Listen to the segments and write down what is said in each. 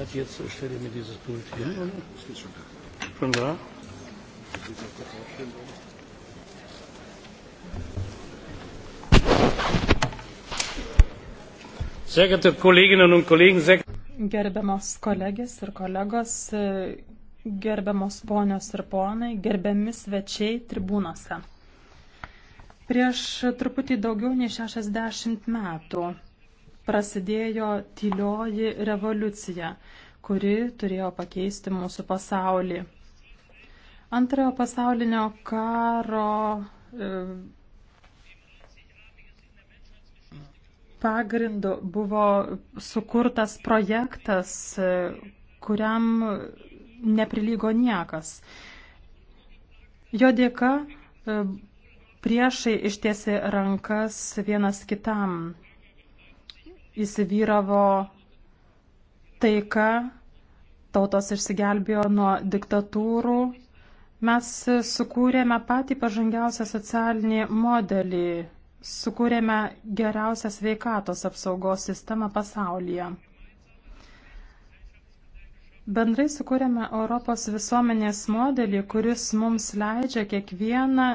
hat jetzt, ich äh, stelle mir dieses Pult hin, oder? Das ist schon da. Schon da? Sehr geehrte Kolleginnen und Kollegen, sehr Gerbiamos kolegės ir kolegos, e, gerbiamos ponios ir ponai, gerbiami svečiai tribūnose. Prieš truputį daugiau nei 60 metų prasidėjo tylioji revoliucija, kuri turėjo pakeisti mūsų pasaulį. Antrojo pasaulinio karo e, pagrindu buvo sukurtas projektas, e, kuriam neprilygo niekas. Jo dėka e, priešai ištiesė rankas vienas kitam įsivyravo taika, tautos išsigelbėjo nuo diktatūrų. Mes sukūrėme patį pažangiausią socialinį modelį, sukūrėme geriausią sveikatos apsaugos sistemą pasaulyje. Bendrai sukūrėme Europos visuomenės modelį, kuris mums leidžia kiekvieną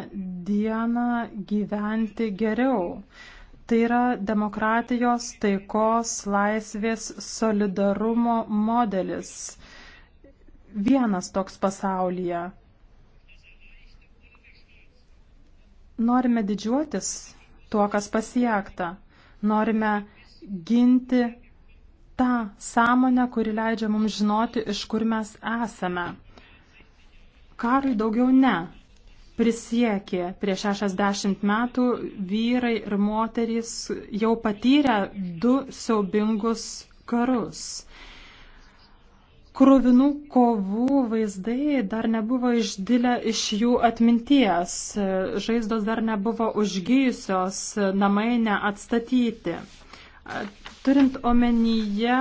dieną gyventi geriau. Tai yra demokratijos, taikos, laisvės, solidarumo modelis. Vienas toks pasaulyje. Norime didžiuotis tuo, kas pasiekta. Norime ginti tą sąmonę, kuri leidžia mums žinoti, iš kur mes esame. Karui daugiau ne prisiekė prieš 60 metų vyrai ir moterys jau patyrę du siaubingus karus. Krovinų kovų vaizdai dar nebuvo išdilę iš jų atminties, žaizdos dar nebuvo užgyjusios, namai neatstatyti. Turint omenyje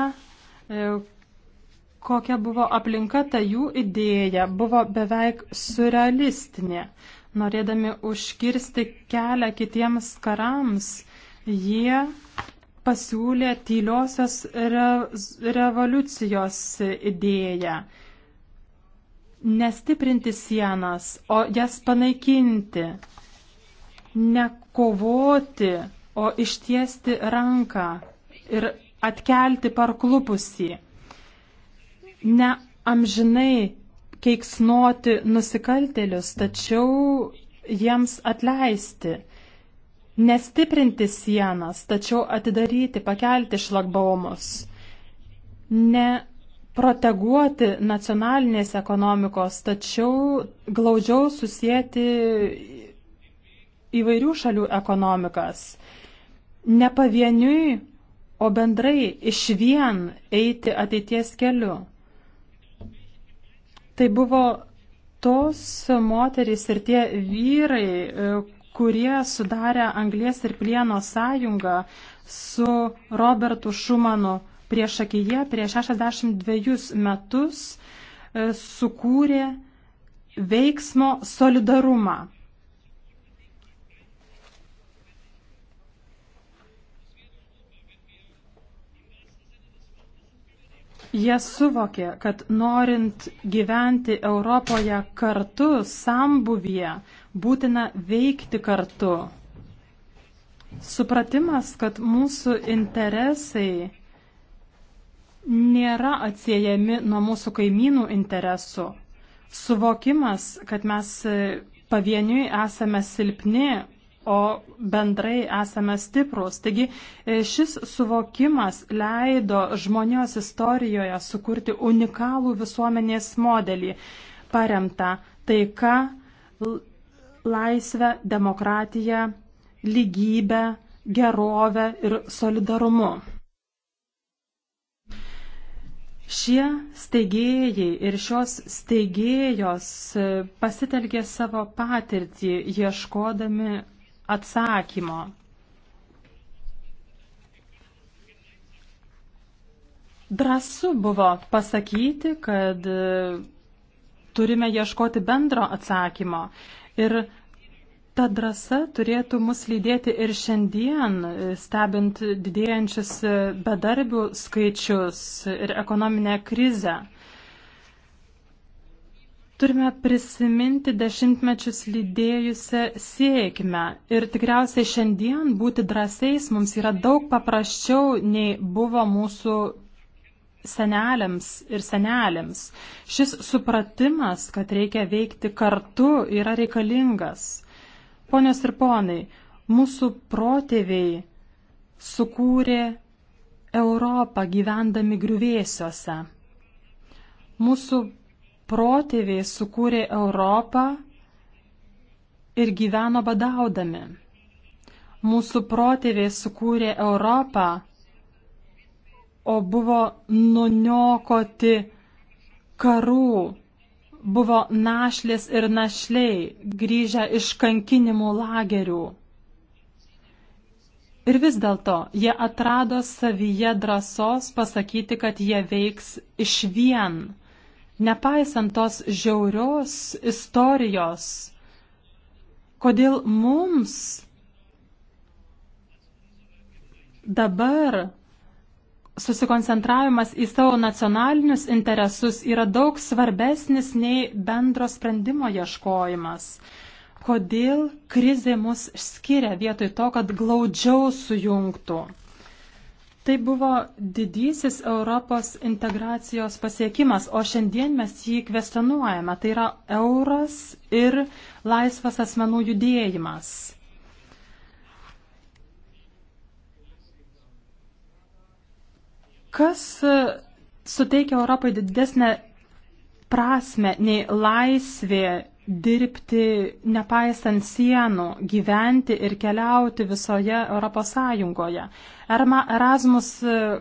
kokia buvo aplinka, ta jų idėja buvo beveik surrealistinė. Norėdami užkirsti kelią kitiems karams, jie pasiūlė tyliosios re revoliucijos idėją. Nestiprinti sienas, o jas panaikinti. Nekovoti, o ištiesti ranką ir atkelti parklupusį ne amžinai keiksnoti nusikaltelius, tačiau jiems atleisti, nestiprinti sienas, tačiau atidaryti, pakelti šlagbaumus, ne proteguoti nacionalinės ekonomikos, tačiau glaudžiau susijęti įvairių šalių ekonomikas. Ne pavieniui, o bendrai iš vien eiti ateities keliu. Tai buvo tos moterys ir tie vyrai, e, kurie sudarė Anglės ir Plieno sąjungą su Robertu Šumanu prieš akiją, prieš 62 metus e, sukūrė veiksmo solidarumą. Jie suvokė, kad norint gyventi Europoje kartu, sambuvyje, būtina veikti kartu. Supratimas, kad mūsų interesai nėra atsiejami nuo mūsų kaimynų interesų. Suvokimas, kad mes pavieniui esame silpni, o bendrai esame stiprus. Taigi e, šis suvokimas leido žmonijos istorijoje sukurti unikalų visuomenės modelį, paremtą taika, laisvę, demokratiją, lygybę, gerovę ir solidarumu. Šie steigėjai ir šios steigėjos e, pasitelkė savo patirtį, ieškodami atsakymo. Drasu buvo pasakyti, kad e, turime ieškoti bendro atsakymo. Ir ta drąsa turėtų mus lydėti ir šiandien, e, stebint didėjančius bedarbių skaičius ir ekonominę krizę. Turime prisiminti dešimtmečius lydėjusią sėkmę ir tikriausiai šiandien būti drąsiais mums yra daug paprasčiau nei buvo mūsų senelėms ir senelėms. Šis supratimas, kad reikia veikti kartu, yra reikalingas. Ponios ir ponai, mūsų protėviai sukūrė Europą gyvendami griuvėsiuose. Mūsų protėviai sukūrė Europą ir gyveno badaudami. Mūsų protėviai sukūrė Europą, o buvo nuniokoti karų, buvo našlės ir našliai grįžę iš kankinimų lagerių. Ir vis dėlto jie atrado savyje drąsos pasakyti, kad jie veiks iš vien Nepaisant tos žiaurios istorijos, kodėl mums dabar susikoncentravimas į savo nacionalinius interesus yra daug svarbesnis nei bendro sprendimo ieškojimas. Kodėl krizė mus skiria vietoj to, kad glaudžiau sujungtų? Tai buvo didysis Europos integracijos pasiekimas, o šiandien mes jį kvestionuojame. Tai yra euras ir laisvas asmenų judėjimas. Kas suteikia Europai didesnę prasme nei laisvė dirbti nepaisant sienų, gyventi ir keliauti visoje Europos Sąjungoje. Erasmus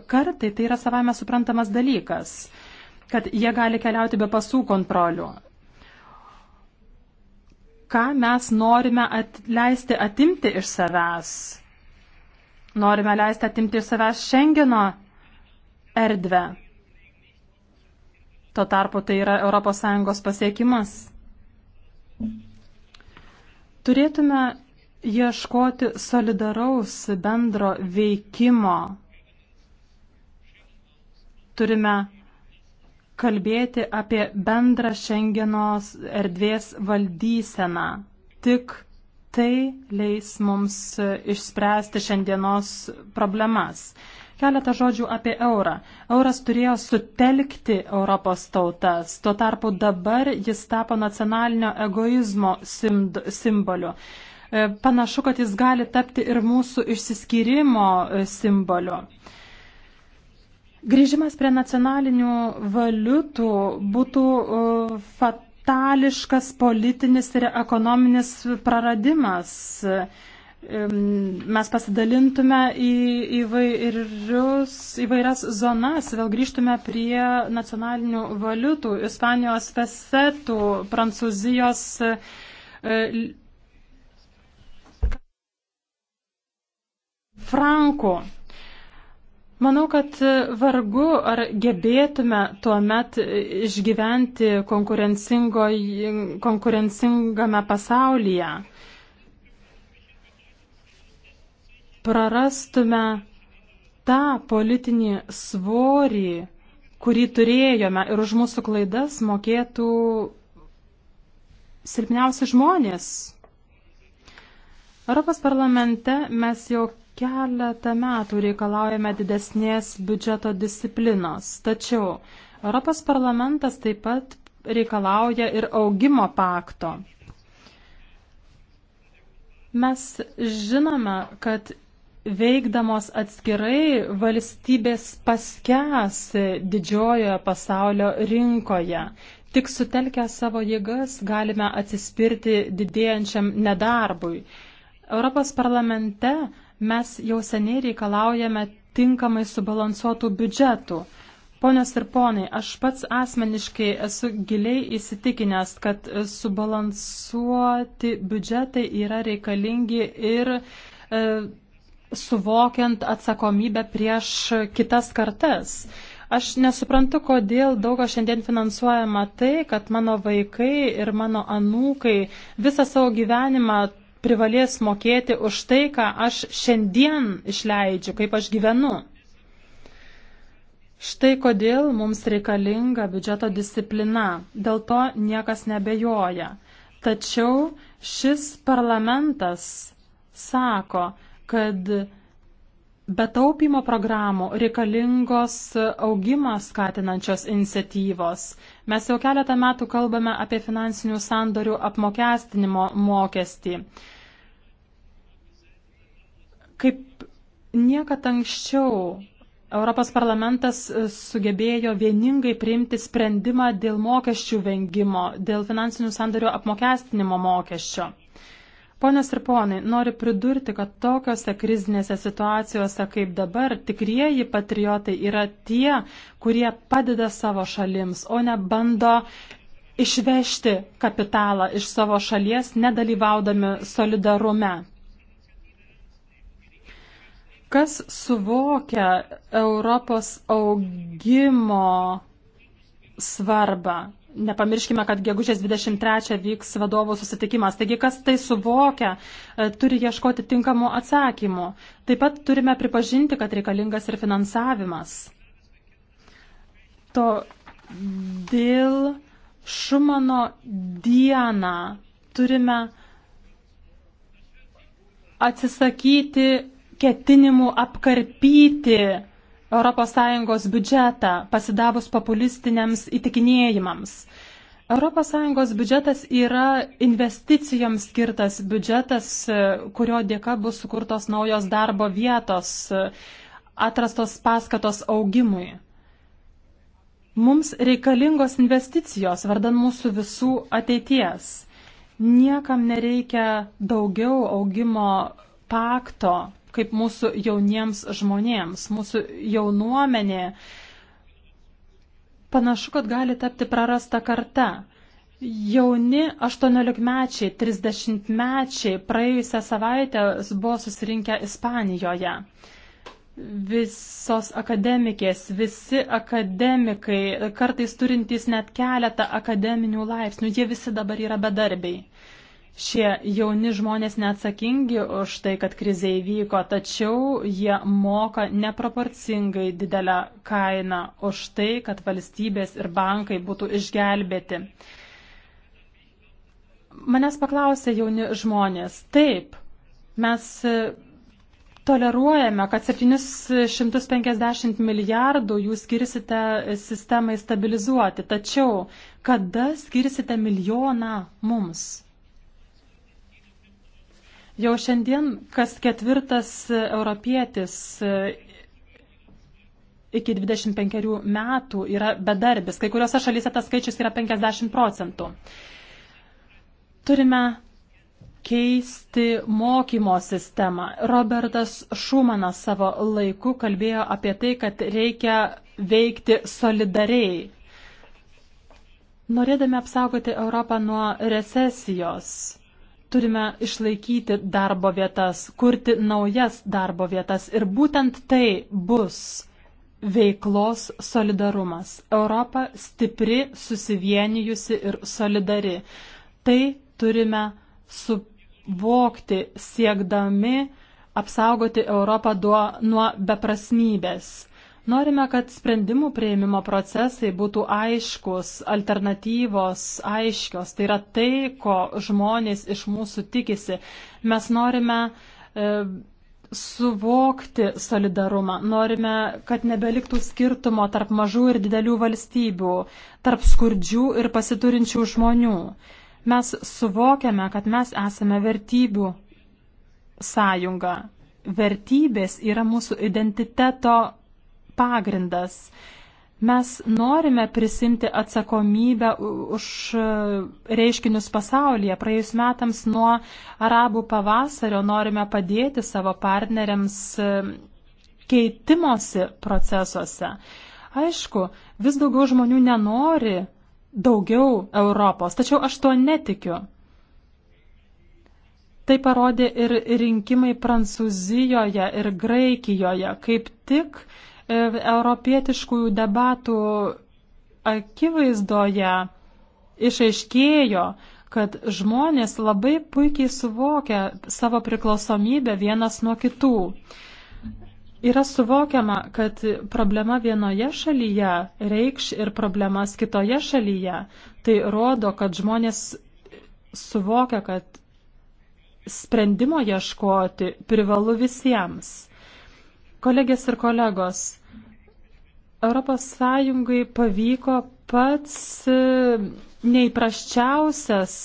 kartai tai yra savame suprantamas dalykas, kad jie gali keliauti be pasų kontrolių. Ką mes norime leisti atimti iš savęs? Norime leisti atimti iš savęs Schengeno erdvę. Tuo tarpu tai yra ES pasiekimas. Turėtume ieškoti solidaraus bendro veikimo. Turime kalbėti apie bendrą Šengenos erdvės valdyseną. Tik tai leis mums išspręsti šiandienos problemas. Keletą žodžių apie eurą. Euras turėjo sutelkti Europos tautas, tuo tarpu dabar jis tapo nacionalinio egoizmo simboliu. E, panašu, kad jis gali tapti ir mūsų išsiskyrimo e, simboliu. Grįžimas prie nacionalinių valiutų būtų e, fatališkas politinis ir ekonominis praradimas mes pasidalintume į įvairius, įvairias zonas, vėl grįžtume prie nacionalinių valiutų, Ispanijos pesetų, Prancūzijos. E, Franko. Manau, kad vargu ar gebėtume tuo met išgyventi konkurencingame pasaulyje. prarastume tą politinį svorį, kurį turėjome ir už mūsų klaidas mokėtų silpniausi žmonės. Europos parlamente mes jau keletą metų reikalaujame didesnės biudžeto disciplinos, tačiau Europos parlamentas taip pat reikalauja ir augimo pakto. Mes žinome, kad veikdamos atskirai valstybės paskęs didžiojoje pasaulio rinkoje. Tik sutelkę savo jėgas galime atsispirti didėjančiam nedarbui. Europos parlamente mes jau seniai reikalaujame tinkamai subalansuotų biudžetų. Ponios ir ponai, aš pats asmeniškai esu giliai įsitikinęs, kad subalansuoti biudžetai yra reikalingi ir e, suvokiant atsakomybę prieš kitas kartas. Aš nesuprantu, kodėl daug aš šiandien finansuojama tai, kad mano vaikai ir mano anūkai visą savo gyvenimą privalės mokėti už tai, ką aš šiandien išleidžiu, kaip aš gyvenu. Štai kodėl mums reikalinga biudžeto disciplina. Dėl to niekas nebejoja. Tačiau šis parlamentas sako, kad betaupimo programų reikalingos augimą skatinančios iniciatyvos. Mes jau keletą metų kalbame apie finansinių sandorių apmokestinimo mokestį. Kaip niekad anksčiau Europos parlamentas sugebėjo vieningai priimti sprendimą dėl mokesčių vengimo, dėl finansinių sandorių apmokestinimo mokesčio. Ponios ir ponai, noriu pridurti, kad tokiose krizinėse situacijose kaip dabar tikrieji patriotai yra tie, kurie padeda savo šalims, o ne bando išvežti kapitalą iš savo šalies, nedalyvaudami solidarume. Kas suvokia Europos augimo svarbą, Nepamirškime, kad gegužės 23 vyks vadovų susitikimas. Taigi, kas tai suvokia, e, turi ieškoti tinkamų atsakymų. Taip pat turime pripažinti, kad reikalingas ir finansavimas. To dėl Šumano dieną turime atsisakyti ketinimų apkarpyti ES biudžetą pasidavus populistiniams įtikinėjimams. ES biudžetas yra investicijoms skirtas biudžetas, kurio dėka bus sukurtos naujos darbo vietos, atrastos paskatos augimui. Mums reikalingos investicijos vardan mūsų visų ateities. Niekam nereikia daugiau augimo pakto, kaip mūsų jauniems žmonėms, mūsų jaunuomenė panašu, kad gali tapti prarasta karta. Jauni 18-mečiai, 30-mečiai praėjusią savaitę buvo susirinkę Ispanijoje. Visos akademikės, visi akademikai, kartais turintys net keletą akademinių laipsnių, jie visi dabar yra bedarbiai šie jauni žmonės neatsakingi už tai, kad krizė įvyko, tačiau jie moka neproporcingai didelę kainą už tai, kad valstybės ir bankai būtų išgelbėti. Manęs paklausė jauni žmonės, taip, mes e, toleruojame, kad 750 milijardų jūs skirsite sistemai stabilizuoti, tačiau kada skirsite milijoną mums? Jau šiandien kas ketvirtas europietis e, iki 25 metų yra bedarbis. Kai kuriuose šalyse tas skaičius yra 50 procentų. Turime keisti mokymo sistemą. Robertas Šumanas savo laiku kalbėjo apie tai, kad reikia veikti solidariai. Norėdami apsaugoti Europą nuo recesijos, turime išlaikyti darbo vietas, kurti naujas darbo vietas. Ir būtent tai bus veiklos solidarumas. Europa stipri, susivienijusi ir solidari. Tai turime suvokti siekdami apsaugoti Europą duo, nuo beprasmybės. Norime, kad sprendimų prieimimo procesai būtų aiškus, alternatyvos aiškios. Tai yra tai, ko žmonės iš mūsų tikisi. Mes norime e, suvokti solidarumą. Norime, kad nebeliktų skirtumo tarp mažų ir didelių valstybių, tarp skurdžių ir pasiturinčių žmonių. Mes suvokiame, kad mes esame vertybių sąjunga. Vertybės yra mūsų identiteto pagrindas. Mes norime prisimti atsakomybę už e, reiškinius pasaulyje. Praėjus metams nuo arabų pavasario norime padėti savo partneriams e, keitimosi procesuose. Aišku, vis daugiau žmonių nenori daugiau Europos, tačiau aš tuo netikiu. Tai parodė ir rinkimai Prancūzijoje ir Graikijoje, kaip tik uh, E, europietiškųjų debatų akivaizdoje išaiškėjo, kad žmonės labai puikiai suvokia savo priklausomybę vienas nuo kitų. Yra suvokiama, kad problema vienoje šalyje reikš ir problemas kitoje šalyje. Tai rodo, kad žmonės suvokia, kad sprendimo ieškoti privalu visiems. Kolegės ir kolegos, Europos Sąjungai pavyko pats e, neįprasčiausias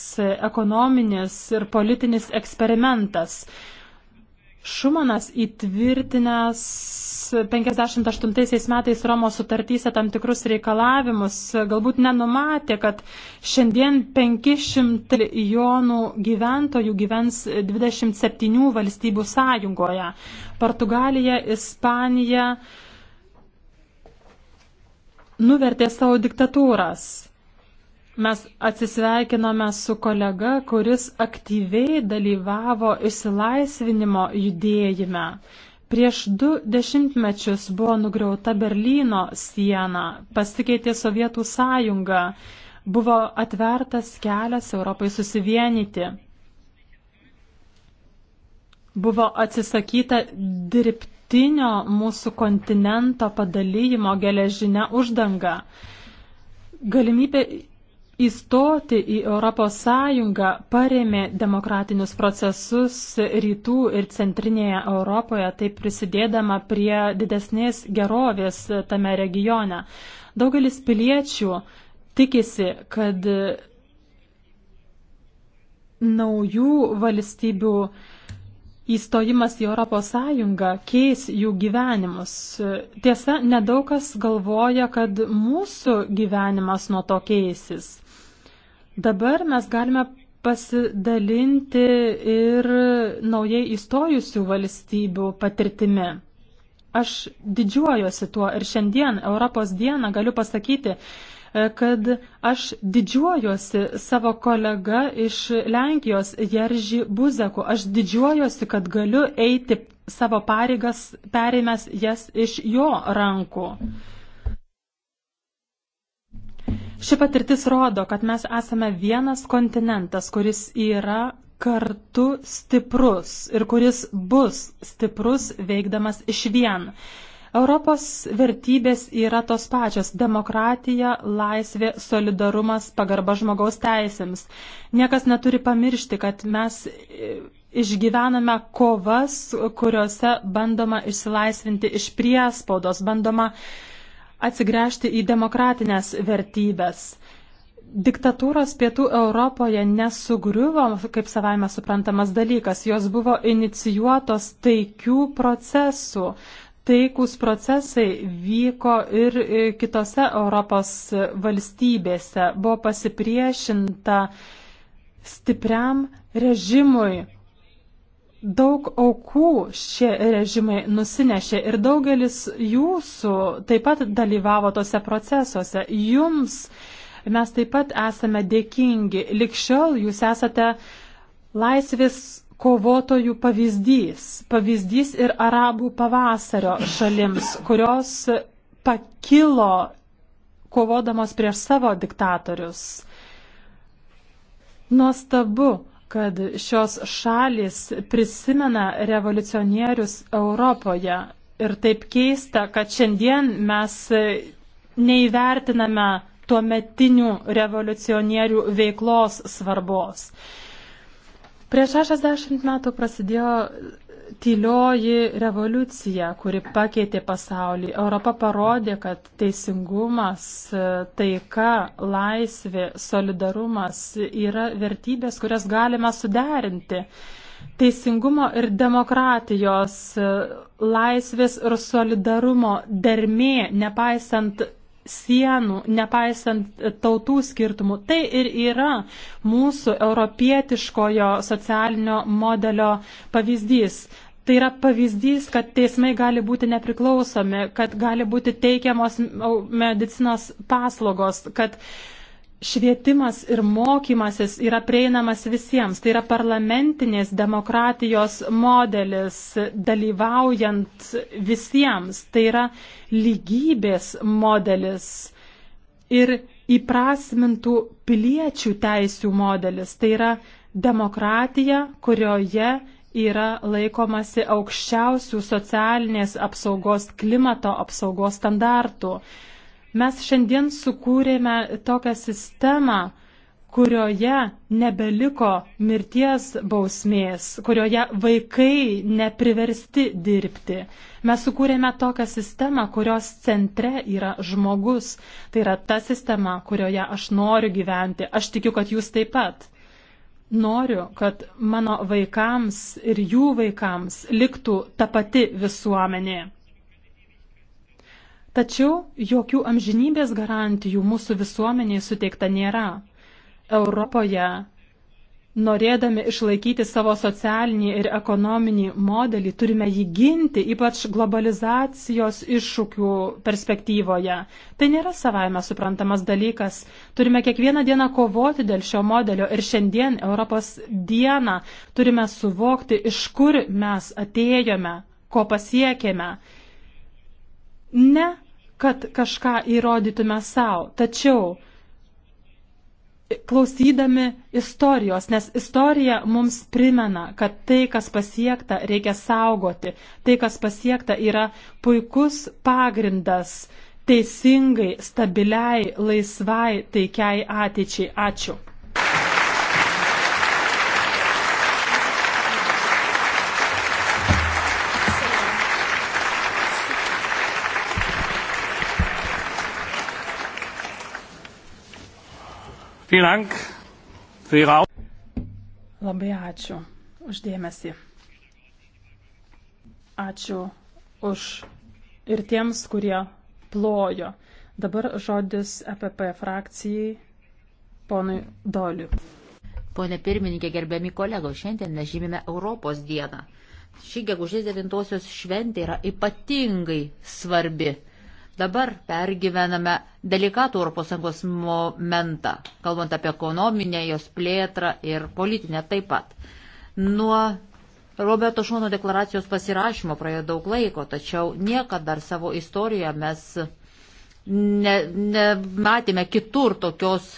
ekonominis ir politinis eksperimentas. Šumanas įtvirtinęs 58 metais Romos sutartyse tam tikrus reikalavimus, galbūt nenumatė, kad šiandien 500 milijonų gyventojų gyvens 27 valstybių sąjungoje. Portugalija, Ispanija nuvertė savo diktatūras. Mes atsisveikinome su kolega, kuris aktyviai dalyvavo išsilaisvinimo judėjime. Prieš du dešimtmečius buvo nugriauta Berlyno siena, pasikeitė Sovietų sąjunga, buvo atvertas kelias Europai susivienyti. Buvo atsisakyta dirbtinio mūsų kontinento padalyjimo geležinę uždangą. Galimybė įstoti į Europos Sąjungą paremė demokratinius procesus rytų ir centrinėje Europoje, taip prisidėdama prie didesnės gerovės tame regione. Daugelis piliečių tikisi, kad naujų valstybių įstojimas į Europos Sąjungą keis jų gyvenimus. Tiesa, nedaugas galvoja, kad mūsų gyvenimas nuo to keisis. Dabar mes galime pasidalinti ir naujai įstojusių valstybių patirtimi. Aš didžiuojuosi tuo ir šiandien, Europos dieną, galiu pasakyti, e, kad aš didžiuojuosi savo kolega iš Lenkijos, Jerži Buzeku. Aš didžiuojuosi, kad galiu eiti savo pareigas, perėmęs jas iš jo rankų. Mm. Ši patirtis rodo, kad mes esame vienas kontinentas, kuris yra kartu stiprus ir kuris bus stiprus veikdamas iš vien. Europos vertybės yra tos pačios - demokratija, laisvė, solidarumas, pagarba žmogaus teisėms. Niekas neturi pamiršti, kad mes e, išgyvename kovas, kuriuose bandoma išsilaisvinti iš priespaudos, bandoma uh, atsigręžti į demokratinės vertybės. Diktatūros pietų Europoje nesugriuvo kaip savaime suprantamas dalykas, jos buvo inicijuotos taikių procesų. Taikūs procesai vyko ir e, kitose Europos valstybėse. Buvo pasipriešinta stipriam režimui Daug aukų šie režimai nusinešė ir daugelis jūsų taip pat dalyvavo tose procesuose. Jums mes taip pat esame dėkingi. Likščiol jūs esate laisvės kovotojų pavyzdys. Pavyzdys ir arabų pavasario šalims, kurios pakilo kovodamos prieš savo diktatorius. Nuostabu, kad šios šalis prisimena revoliucionierius Europoje. Ir taip keista, kad šiandien mes neįvertiname tuo metinių revoliucionierių veiklos svarbos. Prieš 60 metų prasidėjo tylioji revoliucija, kuri pakeitė pasaulį. Europa parodė, kad teisingumas, taika, laisvė, solidarumas yra vertybės, kurias galime suderinti. Teisingumo ir demokratijos, laisvės ir solidarumo dermė, nepaisant sienų, nepaisant tautų skirtumų. Tai ir yra mūsų europietiškojo socialinio modelio pavyzdys. Tai yra pavyzdys, kad teismai gali būti nepriklausomi, kad gali būti teikiamos medicinos paslaugos, kad uh, švietimas ir mokymasis yra prieinamas visiems. Tai yra parlamentinės demokratijos modelis, dalyvaujant visiems. Tai yra lygybės modelis ir įprasmintų piliečių teisių modelis. Tai yra demokratija, kurioje yra laikomasi aukščiausių socialinės apsaugos, klimato apsaugos standartų. Mes šiandien sukūrėme tokią sistemą, kurioje nebeliko mirties bausmės, kurioje vaikai nepriversti dirbti. Mes sukūrėme tokią sistemą, kurios centre yra žmogus. Tai yra ta sistema, kurioje aš noriu gyventi. Aš tikiu, kad jūs taip pat. Noriu, kad mano vaikams ir jų vaikams liktų ta pati visuomenė. Tačiau jokių amžinybės garantijų mūsų visuomeniai suteikta nėra. Europoje, norėdami išlaikyti savo socialinį ir ekonominį modelį, turime jį ginti, ypač globalizacijos iššūkių perspektyvoje. Tai nėra savaime suprantamas dalykas. Turime kiekvieną dieną kovoti dėl šio modelio ir šiandien Europos dieną turime suvokti, iš kur mes atėjome, ko pasiekėme. Ne, kad kažką įrodytume savo, tačiau klausydami istorijos, nes istorija mums primena, kad tai, kas pasiekta, reikia saugoti. Tai, kas pasiekta, yra puikus pagrindas teisingai, stabiliai, laisvai, taikiai ateičiai. Ačiū. Labai ačiū uždėmesi. Ačiū už ir tiems, kurie plojo. Dabar žodis EPP frakcijai ponui Doliu. Pone pirmininkė, gerbiami kolegos, šiandien mes žymime Europos dieną. Ši gegužės devintosios šventė yra ypatingai svarbi Dabar pergyvename delikatų ES momentą, kalbant apie ekonominę, jos plėtrą ir politinę taip pat. Nuo Roberto Šono deklaracijos pasirašymo praėjo daug laiko, tačiau niekada dar savo istorijoje mes ne, nematėme kitur tokios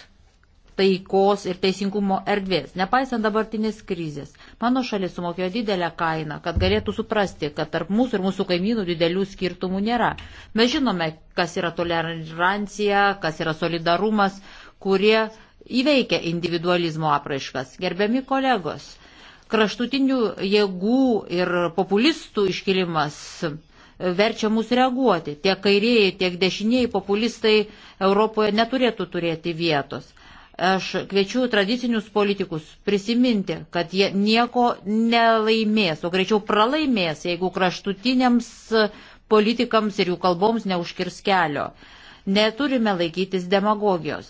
taikos ir teisingumo erdvės, nepaisant dabartinės krizės. Mano šalis sumokėjo didelę kainą, kad galėtų suprasti, kad tarp mūsų ir mūsų kaimynų didelių skirtumų nėra. Mes žinome, kas yra tolerancija, kas yra solidarumas, kurie įveikia individualizmo apraiškas. Gerbiami kolegos, kraštutinių jėgų ir populistų iškilimas verčia mus reaguoti. Tiek kairieji, tiek dešinieji populistai Europoje neturėtų turėti vietos. Aš kviečiu tradicinius politikus prisiminti, kad jie nieko nelaimės, o greičiau pralaimės, jeigu kraštutiniams politikams ir jų kalboms neužkirs kelio. Neturime laikytis demagogijos.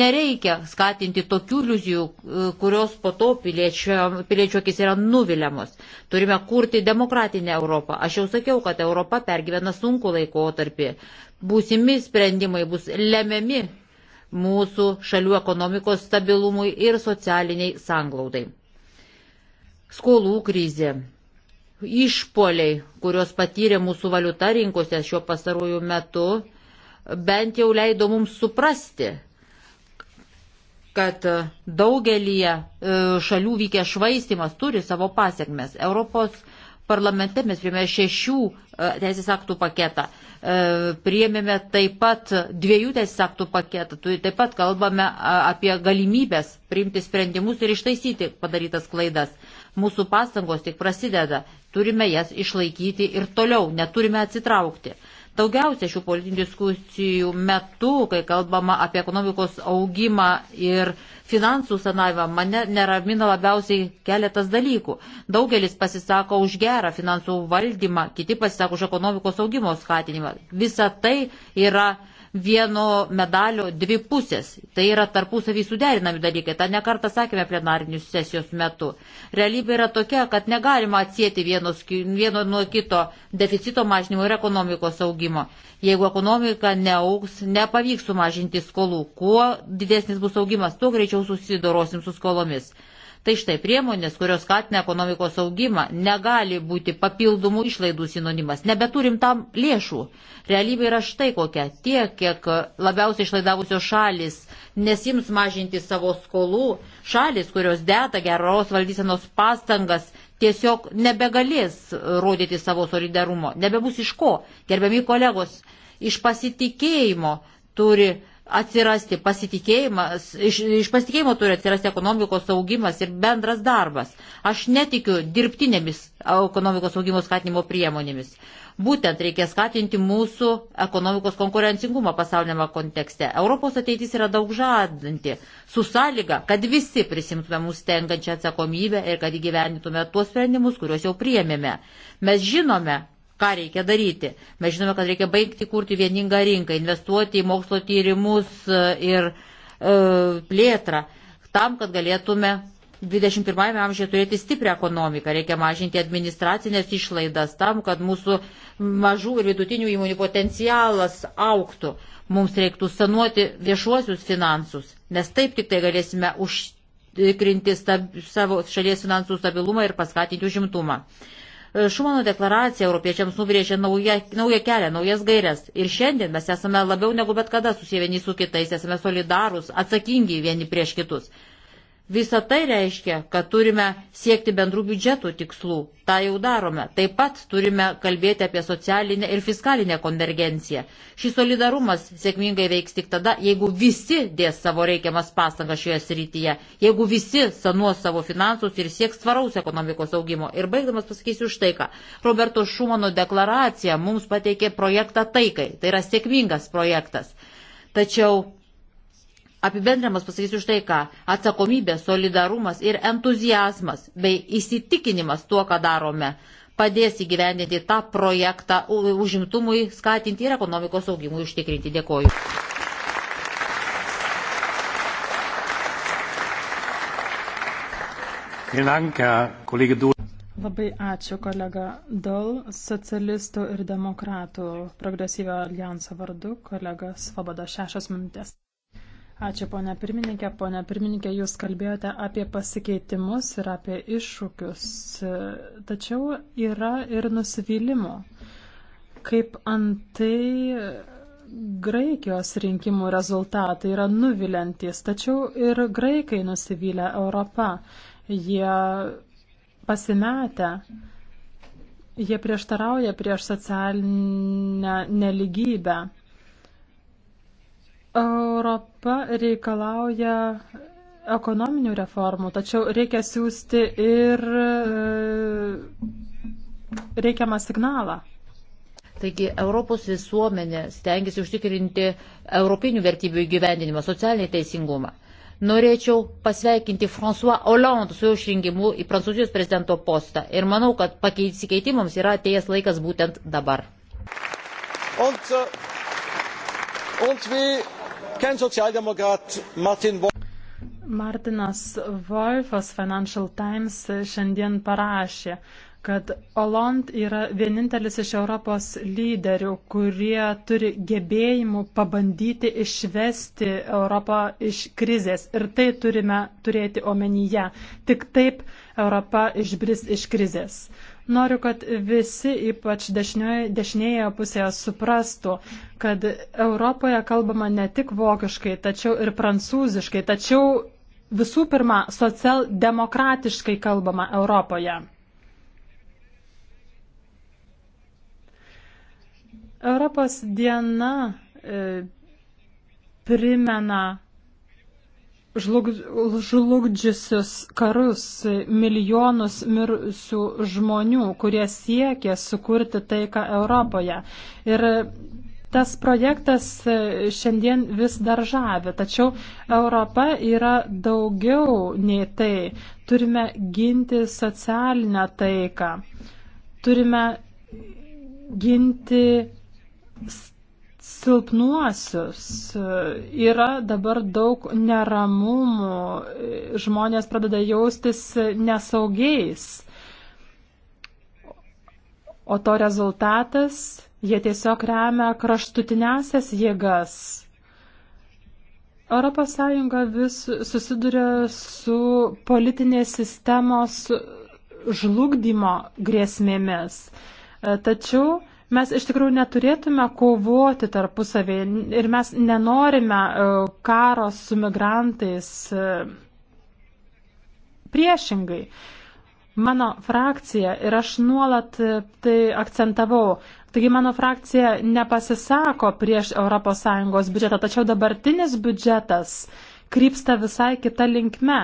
Nereikia skatinti tokių iliuzijų, kurios po to piliečio, piliečio akis yra nuviliamos. Turime kurti demokratinę Europą. Aš jau sakiau, kad Europa pergyvena sunku laikotarpį. Būsimi sprendimai bus lemiami mūsų šalių ekonomikos stabilumui ir socialiniai sanglaudai. Skolų krizė. Išpoliai, kurios patyrė mūsų valiuta rinkose šiuo pastarųjų metu, bent jau leido mums suprasti, kad daugelį e, šalių vykęs švaistimas turi savo pasiekmes. Europos parlamente mes priėmėme šešių e, teisės aktų paketą. E, priėmėme taip pat dviejų teisės aktų paketą. Taip pat kalbame apie galimybės priimti sprendimus ir ištaisyti padarytas klaidas. Mūsų pastangos tik prasideda. Turime jas išlaikyti ir toliau. Neturime atsitraukti. Daugiausia šių politinių diskusijų metu, kai kalbama apie ekonomikos augimą ir finansų sanavimą, mane neramina labiausiai keletas dalykų. Daugelis pasisako už gerą finansų valdymą, kiti pasisako už ekonomikos augimo skatinimą. Visa tai yra vieno medalio dvi pusės. Tai yra tarpusavį suderinami dalykai. Ta nekartą sakėme plenarinių sesijos metu. Realybė yra tokia, kad negalima atsėti vieno, vieno nuo kito deficito mažinimo ir ekonomikos augimo. Jeigu ekonomika neauks, nepavyks sumažinti skolų. Kuo didesnis bus augimas, tuo greičiau susidorosim su skolomis. Tai štai priemonės, kurios skatina ekonomikos augimą, negali būti papildomų išlaidų sinonimas. Nebeturim tam lėšų. Realybė yra štai kokia. Tiek, kiek labiausiai išlaidavusios šalis nesims mažinti savo skolų, šalis, kurios deda geros valdysenos pastangas, tiesiog nebegalės rodyti savo solidarumo. Nebebus iš ko. Gerbiami kolegos, iš pasitikėjimo turi atsirasti pasitikėjimas, iš, iš pasitikėjimo turi atsirasti ekonomikos augimas ir bendras darbas. Aš netikiu dirbtinėmis ekonomikos augimo skatinimo priemonėmis. Būtent reikia skatinti mūsų ekonomikos konkurencingumą pasaulinėme kontekste. Europos ateitis yra daug žadanti, su sąlyga, kad visi prisimtume mūsų tenkančią atsakomybę ir kad įgyvenintume tuos sprendimus, kuriuos jau priėmėme. Mes žinome, ką reikia daryti. Mes žinome, kad reikia baigti kurti vieningą rinką, investuoti į mokslo tyrimus e, ir e, plėtrą, tam, kad galėtume 21 amžiuje turėti stiprią ekonomiką. Reikia mažinti administracinės išlaidas tam, kad mūsų mažų ir vidutinių įmonių potencialas auktų. Mums reiktų sanuoti viešuosius finansus, nes taip tik tai galėsime užtikrinti stab, savo šalies finansų stabilumą ir paskatinti užimtumą. Šumano deklaracija europiečiams nubrėžė naują, naują kelią, naujas gairias. Ir šiandien mes esame labiau negu bet kada susiję vieni su kitais, esame solidarūs, atsakingi vieni prieš kitus. Visa tai reiškia, kad turime siekti bendrų biudžetų tikslų. Ta jau darome. Taip pat turime kalbėti apie socialinę ir fiskalinę konvergenciją. Šis solidarumas sėkmingai veiks tik tada, jeigu visi dės savo reikiamas pastangas šioje srityje, jeigu visi sanuos savo finansus ir sieks tvaraus ekonomikos augimo. Ir baigdamas pasakysiu štai ką. Roberto Šumano deklaracija mums pateikė projektą taikai. Tai yra sėkmingas projektas. Tačiau apibendriamas pasakysiu štai ką - atsakomybė, solidarumas ir entuzijazmas bei įsitikinimas tuo, ką darome, padės įgyvendinti tą projektą užimtumui skatinti ir ekonomikos augimui užtikrinti. Dėkoju. Labai ačiū kolega Dol, socialistų ir demokratų progresyvio alijanso vardu, kolega Svoboda, šešios minutės. Ačiū, ponia pirmininkė. Ponia pirmininkė, jūs kalbėjote apie pasikeitimus ir apie iššūkius, tačiau yra ir nusivylimų. Kaip antai Graikijos rinkimų rezultatai yra nuvilintys, tačiau ir graikai nusivylę Europą. Jie pasimetę, jie prieštarauja prieš socialinę neligybę. Europa reikalauja ekonominių reformų, tačiau reikia siūsti ir e, reikiamą signalą. Taigi Europos visuomenė stengiasi užtikrinti europinių vertybių įgyvendinimą, socialinį teisingumą. Norėčiau pasveikinti François Hollande su išrinkimu į Prancūzijos prezidento postą ir manau, kad pakeitimams yra atėjęs laikas būtent dabar. Und, uh, und wie Kein Sozialdemokrat Martin Wolf. Martinas Wolfas Financial Times šiandien parašė, kad Oland yra vienintelis iš Europos lyderių, kurie turi gebėjimų pabandyti išvesti Europą iš krizės. Ir tai turime turėti omenyje. Tik taip Europa išbris iš krizės. Noriu, kad visi, ypač dešinioje, dešinėje pusėje, suprastų, kad Europoje kalbama ne tik vokiškai, tačiau ir prancūziškai, tačiau visų pirma socialdemokratiškai kalbama Europoje. Europos diena e, primena žlug, žlugdžiusius karus, milijonus mirusių žmonių, kurie siekia sukurti taiką Europoje. Ir tas projektas e, šiandien vis dar žavi, tačiau Europa yra daugiau nei tai. Turime ginti socialinę taiką, turime ginti silpnuosius. Yra dabar daug neramumų, žmonės pradeda jaustis nesaugiais. O to rezultatas, jie tiesiog remia kraštutinėsias jėgas. ES vis susiduria su politinės sistemos žlugdymo grėsmėmis. Tačiau Mes iš tikrųjų neturėtume kovoti tarpusavėje ir mes nenorime e, karo su migrantais e, priešingai. Mano frakcija ir aš nuolat e, tai akcentavau. Taigi mano frakcija nepasisako prieš ES biudžetą, tačiau dabartinis biudžetas krypsta visai kita linkme.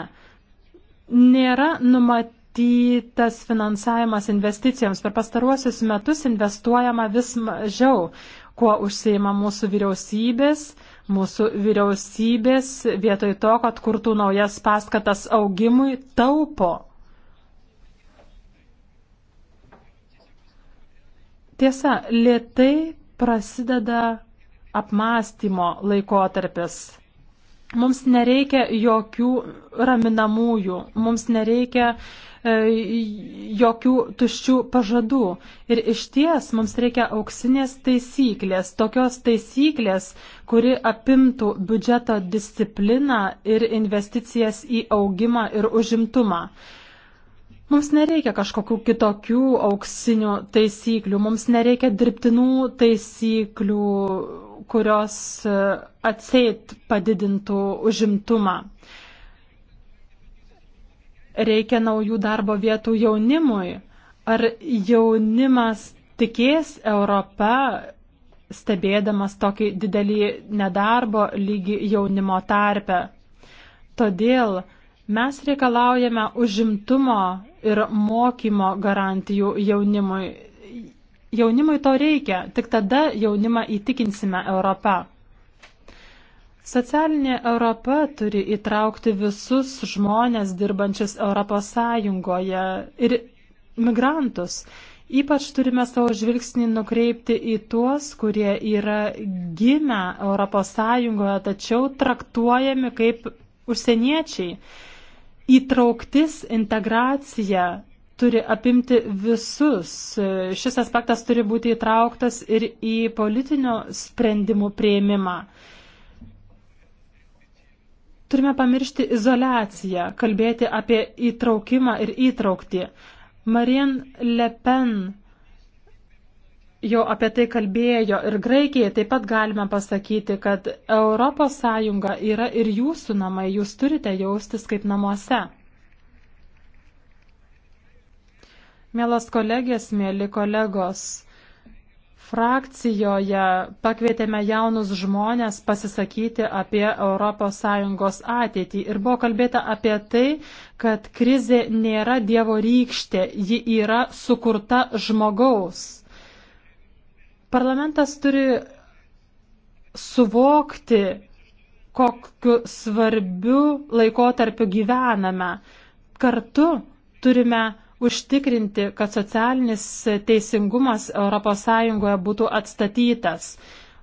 Nėra numatyti numatytas finansavimas investicijoms. Per pastaruosius metus investuojama vis mažiau, kuo užsieima mūsų vyriausybės. Mūsų vyriausybės vietoj to, kad kurtų naujas paskatas augimui, taupo. Tiesa, lietai prasideda apmąstymo laikotarpis Mums nereikia jokių raminamųjų, mums nereikia e, jokių tuščių pažadų. Ir iš ties mums reikia auksinės taisyklės, tokios taisyklės, kuri apimtų biudžeto discipliną ir investicijas į augimą ir užimtumą. Mums nereikia kažkokių kitokių auksinių taisyklių, mums nereikia dirbtinų taisyklių, kurios e, atseit padidintų užimtumą. Reikia naujų darbo vietų jaunimui. Ar jaunimas tikės Europą, stebėdamas tokį didelį nedarbo lygį jaunimo tarpe? Todėl mes reikalaujame užimtumo ir mokymo garantijų jaunimui Jaunimui to reikia, tik tada jaunimą įtikinsime Europą. Socialinė Europa turi įtraukti visus žmonės dirbančius Europos Sąjungoje ir migrantus. Ypač turime savo žvilgsnį nukreipti į tuos, kurie yra gimę Europos Sąjungoje, tačiau traktuojami kaip užsieniečiai. Įtrauktis, integracija turi apimti visus. Šis aspektas turi būti įtrauktas ir į politinio sprendimų prieimimą. Turime pamiršti izolaciją, kalbėti apie įtraukimą ir įtraukti. Marine Le Pen jau apie tai kalbėjo ir Graikijai taip pat galime pasakyti, kad ES yra ir jūsų namai, jūs turite jaustis kaip namuose. Mielas kolegės, mėly kolegos, frakcijoje pakvietėme jaunus žmonės pasisakyti apie ES ateitį ir buvo kalbėta apie tai, kad krizė nėra dievo rykštė, ji yra sukurta žmogaus. Parlamentas turi suvokti, kokiu svarbiu laikotarpiu gyvename. Kartu turime užtikrinti, kad socialinis teisingumas ES būtų atstatytas.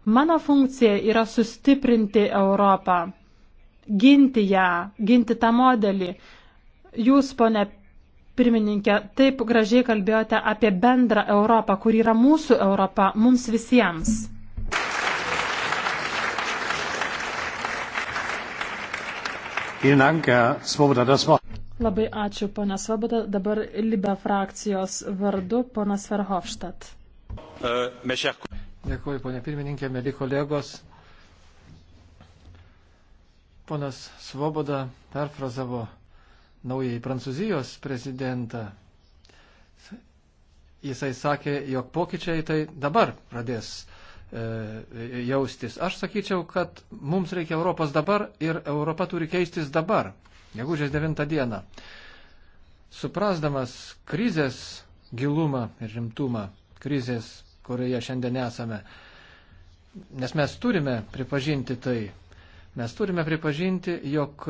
Mano funkcija yra sustiprinti Europą, ginti ją, ginti tą modelį. Jūs, ponė pirmininkė, taip gražiai kalbėjote apie bendrą Europą, kur yra mūsų Europa, mums visiems. Vielen Dank, Herr Svoboda. Das Wort. Labai ačiū, ponia Svoboda. Dabar Libe frakcijos vardu, ponas Verhofstadt. Dėkuoju, ponia pirmininkė, mėly kolegos. Ponas Svoboda perfrazavo naująjį Prancūzijos prezidentą. Jisai sakė, jog pokyčiai tai dabar pradės e, jaustis. Aš sakyčiau, kad mums reikia Europos dabar ir Europa turi keistis dabar gegužės 9 dieną. Suprasdamas krizės gilumą ir rimtumą, krizės, kurioje šiandien esame, nes mes turime pripažinti tai, mes turime pripažinti, jog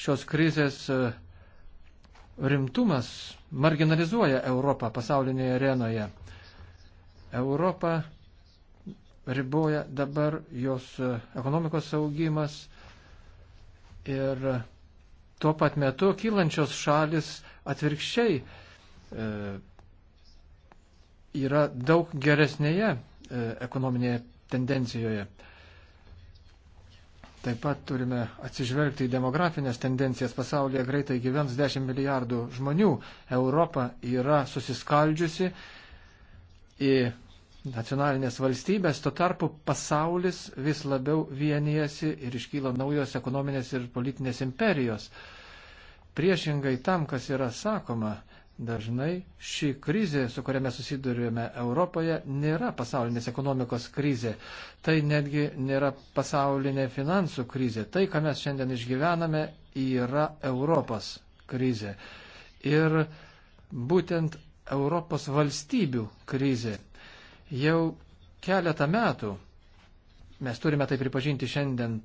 šios krizės e, rimtumas marginalizuoja Europą pasaulinėje arenoje. Europą riboja dabar jos e, ekonomikos augimas ir tuo pat metu kylančios šalis atvirkščiai e, yra daug geresnėje e, ekonominėje tendencijoje. Taip pat turime atsižvelgti į demografinės tendencijas. Pasaulyje greitai gyvens 10 milijardų žmonių. Europa yra susiskaldžiusi į nacionalinės valstybės, to tarpu pasaulis vis labiau vienijasi ir iškyla naujos ekonominės ir politinės imperijos. Priešingai tam, kas yra sakoma, dažnai ši krizė, su kuria mes susidurime Europoje, nėra pasaulinės ekonomikos krizė. Tai netgi nėra pasaulinė finansų krizė. Tai, ką mes šiandien išgyvename, yra Europos krizė. Ir būtent Europos valstybių krizė. Jau keletą metų, mes turime tai pripažinti šiandien,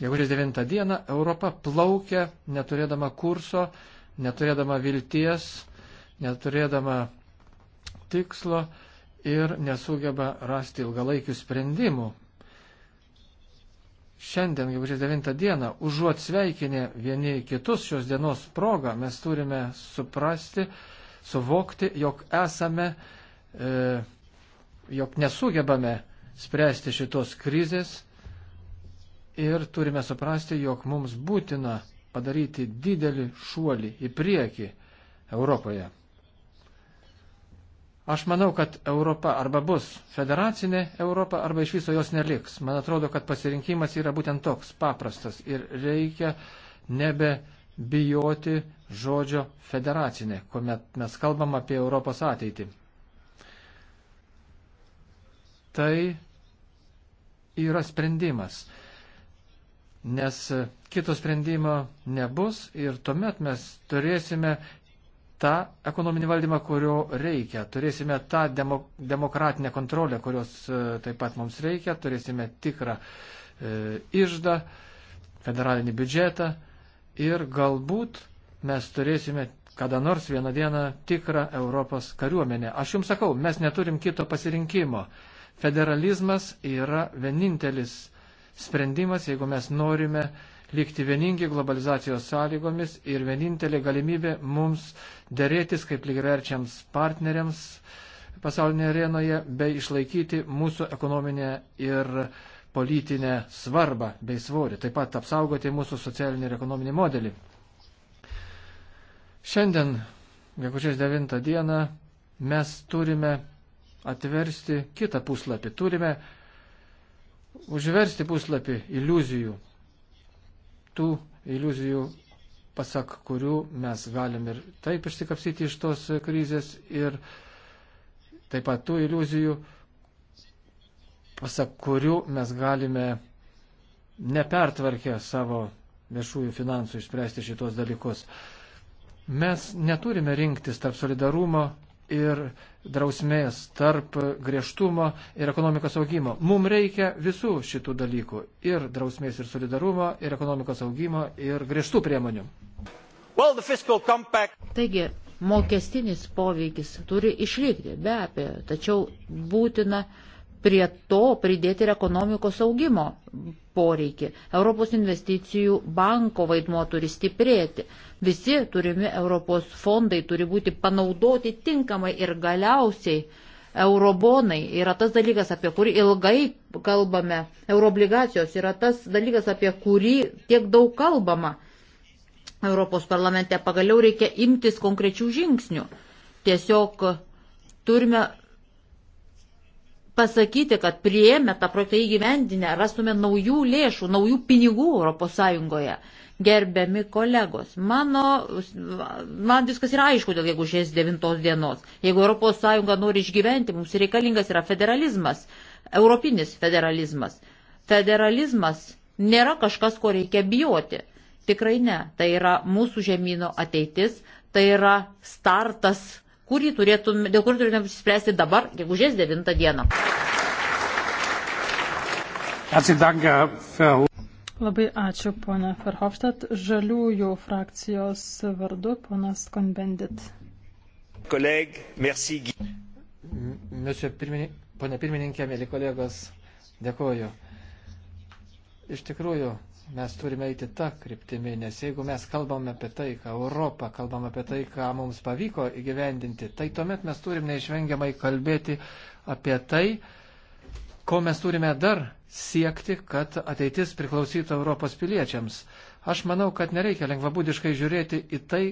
gegužės 9 dieną, Europa plaukia neturėdama kurso, neturėdama vilties, neturėdama tikslo ir nesugeba rasti ilgalaikių sprendimų. Šiandien, gegužės 9 dieną, užuot sveikinę vieni kitus šios dienos progą, mes turime suprasti, suvokti, jog esame e, jog nesugebame spręsti šitos krizės ir turime suprasti, jog mums būtina padaryti didelį šuolį į priekį Europoje. Aš manau, kad Europa arba bus federacinė Europa, arba iš viso jos neliks. Man atrodo, kad pasirinkimas yra būtent toks paprastas ir reikia nebe bijoti žodžio federacinė, kuomet mes kalbam apie Europos ateitį tai yra sprendimas. Nes kito sprendimo nebus ir tuomet mes turėsime tą ekonominį valdymą, kurio reikia. Turėsime tą demo, demokratinę kontrolę, kurios e, taip pat mums reikia. Turėsime tikrą e, išdą, federalinį biudžetą ir galbūt mes turėsime kada nors vieną dieną tikrą Europos kariuomenę. Aš jums sakau, mes neturim kito pasirinkimo. Federalizmas yra vienintelis sprendimas, jeigu mes norime likti vieningi globalizacijos sąlygomis ir vienintelė galimybė mums dėrėtis kaip lygiverčiams partneriams pasaulinėje arenoje bei išlaikyti mūsų ekonominę ir politinę svarbą bei svorį, taip pat apsaugoti mūsų socialinį ir ekonominį modelį. Šiandien, gegužės 9 dieną, mes turime atversti kitą puslapį. Turime užversti puslapį iliuzijų. Tų iliuzijų, pasak kurių mes galim ir taip išsikapsyti iš tos krizės ir taip pat tų iliuzijų, pasak kurių mes galime nepertvarkę savo viešųjų finansų išspręsti šitos dalykus. Mes neturime rinktis tarp solidarumo ir drausmės, tarp griežtumo ir ekonomikos augimo. Mums reikia visų šitų dalykų - ir drausmės, ir solidarumo, ir ekonomikos augimo, ir griežtų priemonių. Well, compact... Taigi, mokestinis poveikis turi išlikti, be abejo, tačiau būtina prie to pridėti ir ekonomikos augimo poreikį. Europos investicijų banko vaidmuo turi stiprėti. Visi turimi Europos fondai turi būti panaudoti tinkamai ir galiausiai eurobonai yra tas dalykas, apie kurį ilgai kalbame. Euroobligacijos yra tas dalykas, apie kurį tiek daug kalbama. Europos parlamente pagaliau reikia imtis konkrečių žingsnių. Tiesiog turime pasakyti, kad prieėmę tą projektą įgyvendinę rastume naujų lėšų, naujų pinigų ES. Gerbiami kolegos, mano, man viskas yra aišku dėl gegužės 9 dienos. Jeigu ES nori išgyventi, mums reikalingas yra federalizmas, europinis federalizmas. Federalizmas nėra kažkas, ko reikia bijoti. Tikrai ne. Tai yra mūsų žemynų ateitis, tai yra startas kurį turėtume, dėl kurio turėtume apsispręsti dabar, gegužės 9 dieną. Labai ačiū, ponė Ferhofstadt. Žaliųjų frakcijos vardu, ponas Konbendit. Koleg, merci. Pirmini, Pone pirmininkė, mėly kolegos, dėkoju. Iš tikrųjų, mes turime eiti tą kryptimį, nes jeigu mes kalbame apie tai, ką Europą, kalbame apie tai, ką mums pavyko įgyvendinti, tai tuomet mes turime neišvengiamai kalbėti apie tai, ko mes turime dar siekti, kad ateitis priklausytų Europos piliečiams. Aš manau, kad nereikia lengvabūdiškai žiūrėti į tai,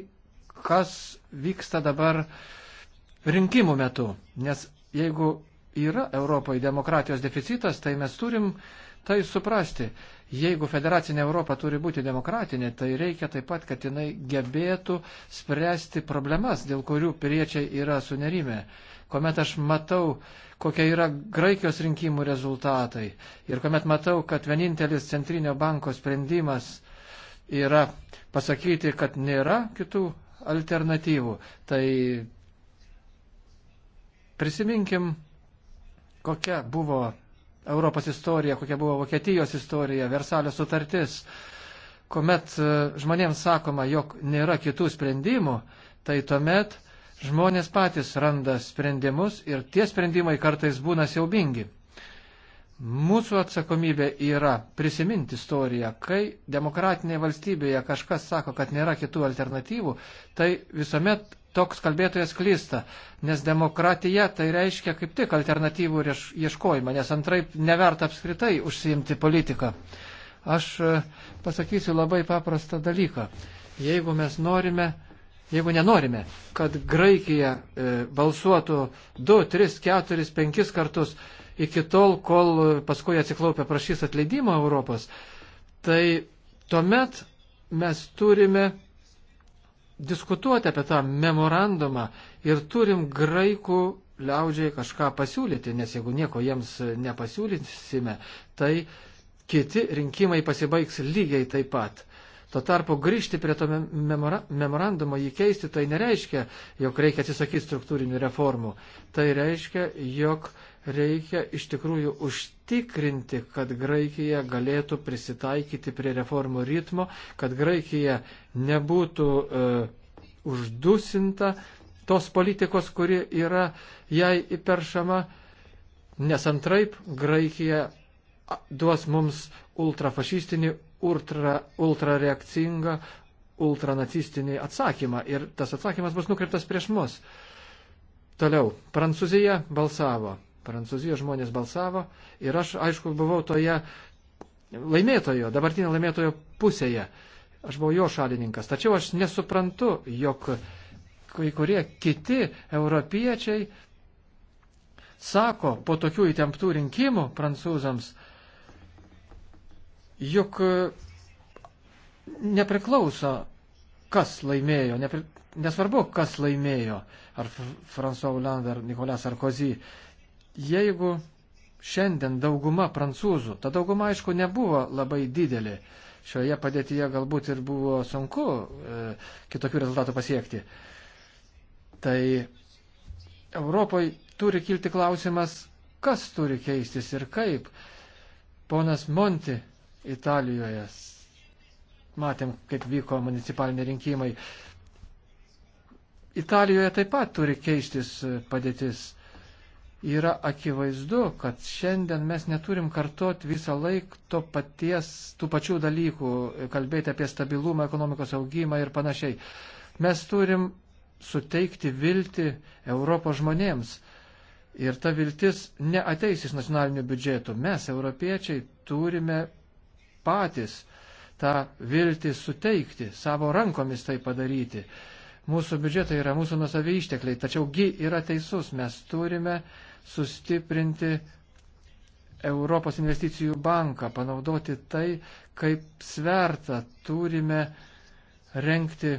kas vyksta dabar rinkimų metu, nes jeigu yra Europoje demokratijos deficitas, tai mes turim uh, tai suprasti. Jeigu federacinė Europa turi būti demokratinė, tai reikia taip pat, kad jinai gebėtų spręsti problemas, dėl kurių piliečiai yra sunerime. Komet aš matau, kokie yra Graikijos rinkimų rezultatai ir kuomet matau, kad vienintelis centrinio banko sprendimas yra pasakyti, kad nėra kitų alternatyvų, tai prisiminkim, kokia buvo Europos istorija, kokia buvo Vokietijos istorija, Versalio sutartis, kuomet e, žmonėms sakoma, jog nėra kitų sprendimų, tai tuomet žmonės patys randa sprendimus ir tie sprendimai kartais būna siaubingi. Mūsų atsakomybė yra prisiminti istoriją, kai demokratinėje valstybėje kažkas sako, kad nėra kitų alternatyvų, tai visuomet toks kalbėtojas klysta, nes demokratija tai reiškia kaip tik alternatyvų ieškojimą, nes antraip neverta apskritai užsiimti politiką. Aš e, pasakysiu labai paprastą dalyką. Jeigu mes norime, jeigu nenorime, kad Graikija e, balsuotų 2, 3, 4, 5 kartus iki tol, kol paskui atsiklaupę prašys atleidimo Europos, tai tuomet mes turime diskutuoti apie tą memorandumą ir turim graikų liaudžiai kažką pasiūlyti, nes jeigu nieko jiems nepasiūlysime, tai kiti rinkimai pasibaigs lygiai taip pat. Tuo tarpu grįžti prie to memora, memorandumo jį keisti, tai nereiškia, jog reikia atsisakyti struktūrinių reformų. Tai reiškia, jog reikia iš tikrųjų užtikrinti, kad Graikija galėtų prisitaikyti prie reformų ritmo, kad Graikija nebūtų e, uždusinta tos politikos, kuri yra jai įperšama, nes antraip Graikija duos mums ultrafašistinį ultra, ultrareakcingą, ultranacistinį atsakymą ir tas atsakymas bus nukreiptas prieš mus. Toliau, Prancūzija balsavo, Prancūzijos žmonės balsavo ir aš, aišku, buvau toje laimėtojo, dabartinio laimėtojo pusėje. Aš buvau jo šalininkas, tačiau aš nesuprantu, jog kai kurie kiti europiečiai sako po tokių įtemptų rinkimų prancūzams, juk e, nepriklauso, kas laimėjo, nepri... nesvarbu, kas laimėjo, ar François Hollande, ar Nicolas Sarkozy. Jeigu šiandien dauguma prancūzų, ta dauguma aišku nebuvo labai didelė, šioje padėtyje galbūt ir buvo sunku e, kitokių rezultatų pasiekti, tai Europoje turi kilti klausimas, kas turi keistis ir kaip. Ponas Monti Italijoje. Matėm, kaip vyko municipaliniai rinkimai. Italijoje taip pat turi keistis padėtis. Yra akivaizdu, kad šiandien mes neturim kartot visą laiką to paties, tų pačių dalykų, kalbėti apie stabilumą, ekonomikos augimą ir panašiai. Mes turim suteikti viltį Europos žmonėms. Ir ta viltis neateis iš nacionalinių biudžetų. Mes, europiečiai, turime patys tą viltį suteikti, savo rankomis tai padaryti. Mūsų biudžetai yra mūsų nusavy ištekliai, tačiau gi yra teisus, mes turime sustiprinti Europos investicijų banką, panaudoti tai kaip svertą, turime renkti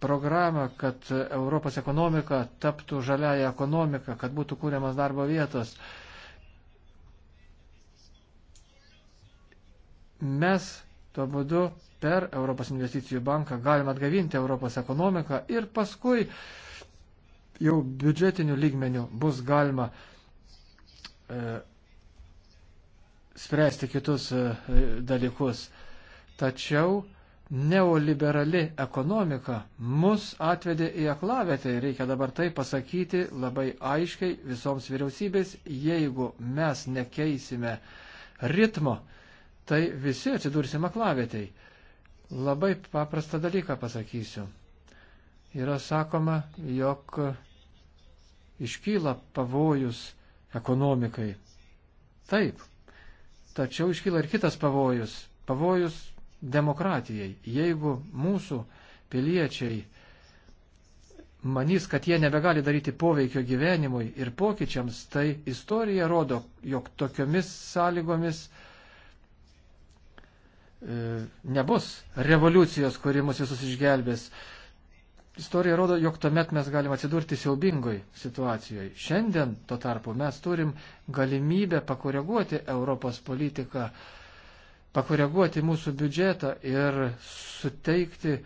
programą, kad Europos ekonomika taptų žaliaja ekonomika, kad būtų kūriamas darbo vietos. mes tuo būdu per Europos investicijų banką galime atgavinti Europos ekonomiką ir paskui jau biudžetinių lygmenių bus galima e, spręsti kitus e, dalykus. Tačiau neoliberali ekonomika mus atvedė į aklavietę ir reikia dabar tai pasakyti labai aiškiai visoms vyriausybės, jeigu mes nekeisime ritmo, tai visi atsidursim aklavietėj. Labai paprastą dalyką pasakysiu. Yra sakoma, jog iškyla pavojus ekonomikai. Taip. Tačiau iškyla ir kitas pavojus. Pavojus demokratijai. Jeigu mūsų piliečiai manys, kad jie nebegali daryti poveikio gyvenimui ir pokyčiams, tai istorija rodo, jog tokiomis sąlygomis E, nebus revoliucijos, kuri mus visus išgelbės. Istorija rodo, jog tuomet mes galim atsidurti siaubingoj situacijoje. Šiandien tuo tarpu mes turim galimybę pakoreguoti Europos politiką, pakoreguoti mūsų biudžetą ir suteikti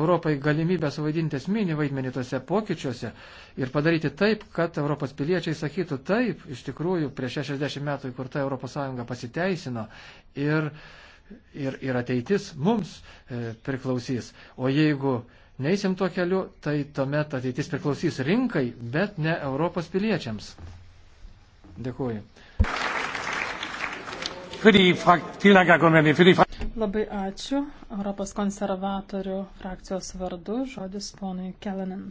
Europai galimybę suvaidinti esminį vaidmenį tose pokyčiuose ir padaryti taip, kad Europos piliečiai sakytų taip, iš tikrųjų prieš 60 metų įkurta ES pasiteisino ir uh, ir, ir ateitis mums e, priklausys. O jeigu neįsim tuo keliu, tai tuomet ateitis priklausys rinkai, bet ne Europos piliečiams. Dėkuoju. Labai ačiū. Europos konservatorių frakcijos vardu žodis ponui Kelinin.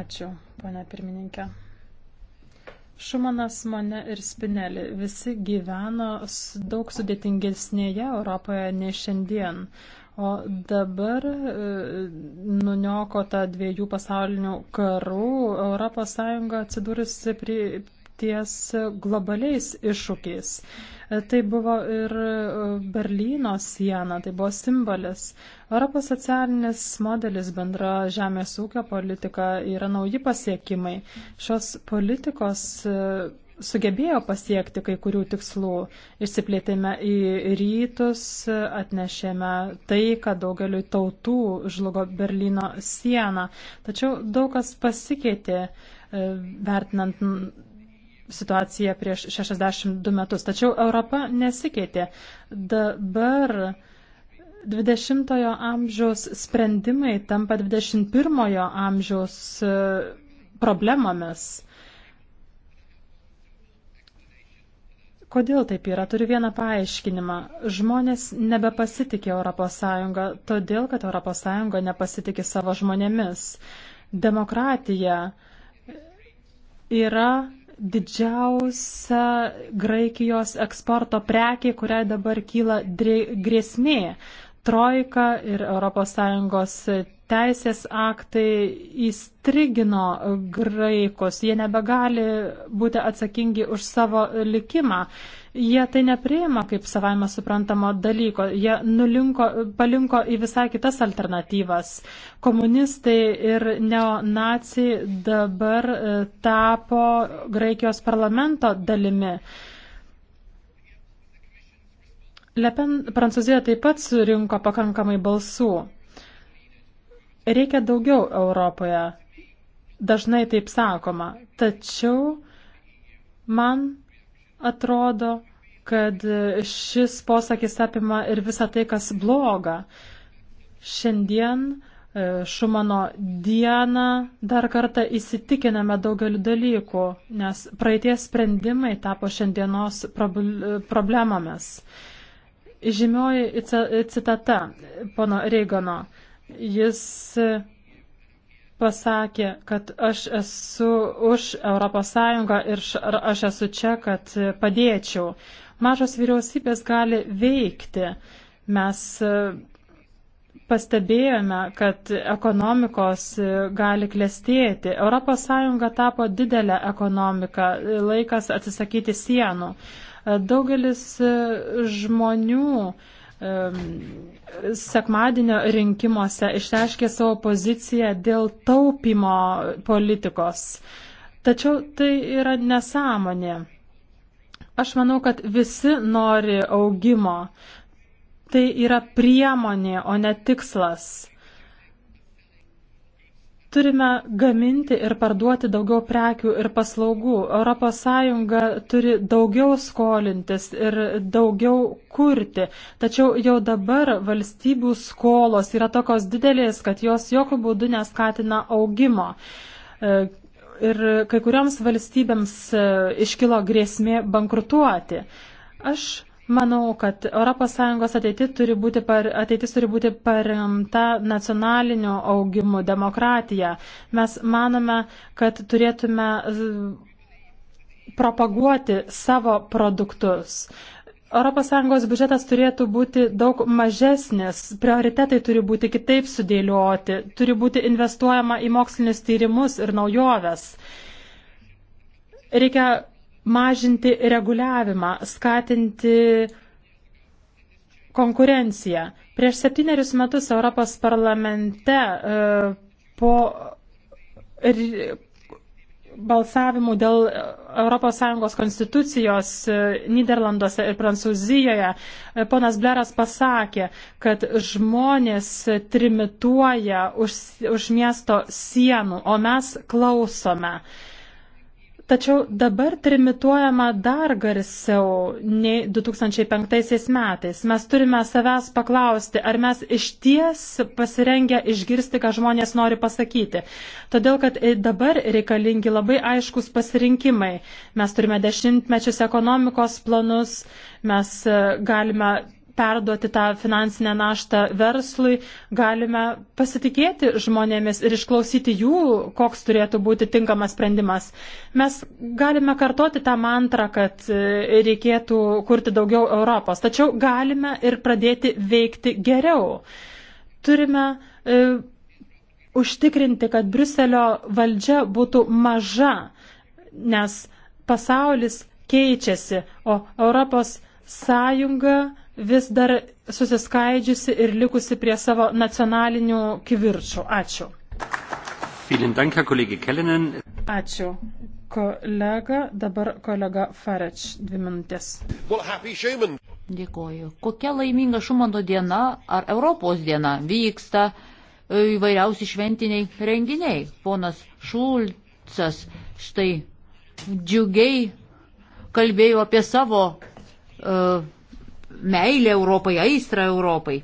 Ačiū, ponia pirmininkė. Šumanas mane ir Spinelį visi gyveno daug sudėtingesnėje Europoje nei šiandien. O dabar e, nuniokota dviejų pasaulinių karų, ES atsidūrusi prie ties globaliais iššūkiais. E, tai buvo ir e, Berlyno siena, tai buvo simbolis. Europos socialinis modelis bendra žemės ūkio politika yra nauji pasiekimai. Šios politikos e, sugebėjo pasiekti kai kurių tikslų. Išsiplėtėme į rytus, atnešėme tai, kad daugeliu tautų žlugo Berlyno siena. Tačiau daug kas pasikeitė, vertinant situacija prieš 62 metus. Tačiau Europa nesikeitė. Dabar 20-ojo amžiaus sprendimai tampa 21-ojo amžiaus e, problemomis. Kodėl taip yra? Turiu vieną paaiškinimą. Žmonės nebepasitikė ES, todėl kad ES nepasitikė savo žmonėmis. Demokratija yra didžiausia Graikijos eksporto prekė, kuriai dabar kyla grėsmė. Trojka ir ES teisės aktai įstrigino graikus. Jie nebegali būti atsakingi už savo likimą. Jie tai nepriima kaip savaime suprantamo dalyko. Jie nulinko, palinko į visai kitas alternatyvas. Komunistai ir neonacijai dabar e, tapo Graikijos parlamento dalimi. Lepen Prancūzija taip pat surinko pakankamai balsų. Reikia daugiau Europoje. Dažnai taip sakoma. Tačiau man atrodo, kad šis posakis apima ir visą tai, kas bloga. Šiandien e, Šumano dieną dar kartą įsitikiname daugeliu dalykų, nes praeities sprendimai tapo šiandienos problemomis. Žymioji citata pono Reigano. Jis pasakė, kad aš esu už ES ir aš esu čia, kad padėčiau. Mažos vyriausybės gali veikti. Mes e, pastebėjome, kad ekonomikos e, gali klestėti. ES tapo didelę ekonomiką, laikas atsisakyti sienų. Daugelis e, žmonių e, sekmadienio rinkimuose išreiškė savo poziciją dėl taupimo politikos. Tačiau tai yra nesąmonė. Aš manau, kad visi nori augimo. Tai yra priemonė, o ne tikslas. Turime gaminti ir parduoti daugiau prekių ir paslaugų. ES turi daugiau skolintis ir daugiau kurti. Tačiau jau dabar valstybių skolos yra tokios didelės, kad jos jokių būdų neskatina augimo. E, ir kai kurioms valstybėms e, iškilo grėsmė bankrutuoti. Aš Manau, kad ES ateitis turi būti, par, ateitis turi būti paremta nacionaliniu augimu, demokratija. Mes manome, kad turėtume e, propaguoti savo produktus. ES biudžetas turėtų būti daug mažesnis, prioritetai turi būti kitaip sudėlioti, turi būti investuojama į mokslinius tyrimus ir naujoves. Reikia mažinti reguliavimą, skatinti konkurenciją. Prieš septynerius metus Europos parlamente e, po balsavimų dėl ES konstitucijos e, Niderlanduose ir Prancūzijoje e, ponas Bleras pasakė, kad žmonės trimituoja už, už miesto sienų, o mes klausome. Uh, Tačiau dabar trimituojama dar garsiau nei 2005 metais. Mes turime savęs paklausti, ar mes iš ties pasirengę išgirsti, ką žmonės nori pasakyti. Todėl, kad dabar reikalingi labai aiškus pasirinkimai. Mes turime dešimtmečius ekonomikos planus, mes e, galime perduoti tą finansinę naštą verslui, galime pasitikėti žmonėmis ir išklausyti jų, koks turėtų būti tinkamas sprendimas. Mes galime kartoti tą mantrą, kad e, reikėtų kurti daugiau Europos, tačiau galime ir pradėti veikti geriau. Turime e, užtikrinti, kad Briuselio valdžia būtų maža, nes pasaulis keičiasi, o Europos sąjunga vis dar susiskaidžiusi ir likusi prie savo nacionalinių kivirčių. Ačiū. Dank, Ačiū. Kolega, dabar kolega Farač, dvi minutės. Well, Dėkoju. Kokia laiminga Šumano diena ar Europos diena vyksta e, įvairiausi šventiniai renginiai. Ponas Šulcas štai džiugiai kalbėjo apie savo uh, meilę Europai, aistrą Europai.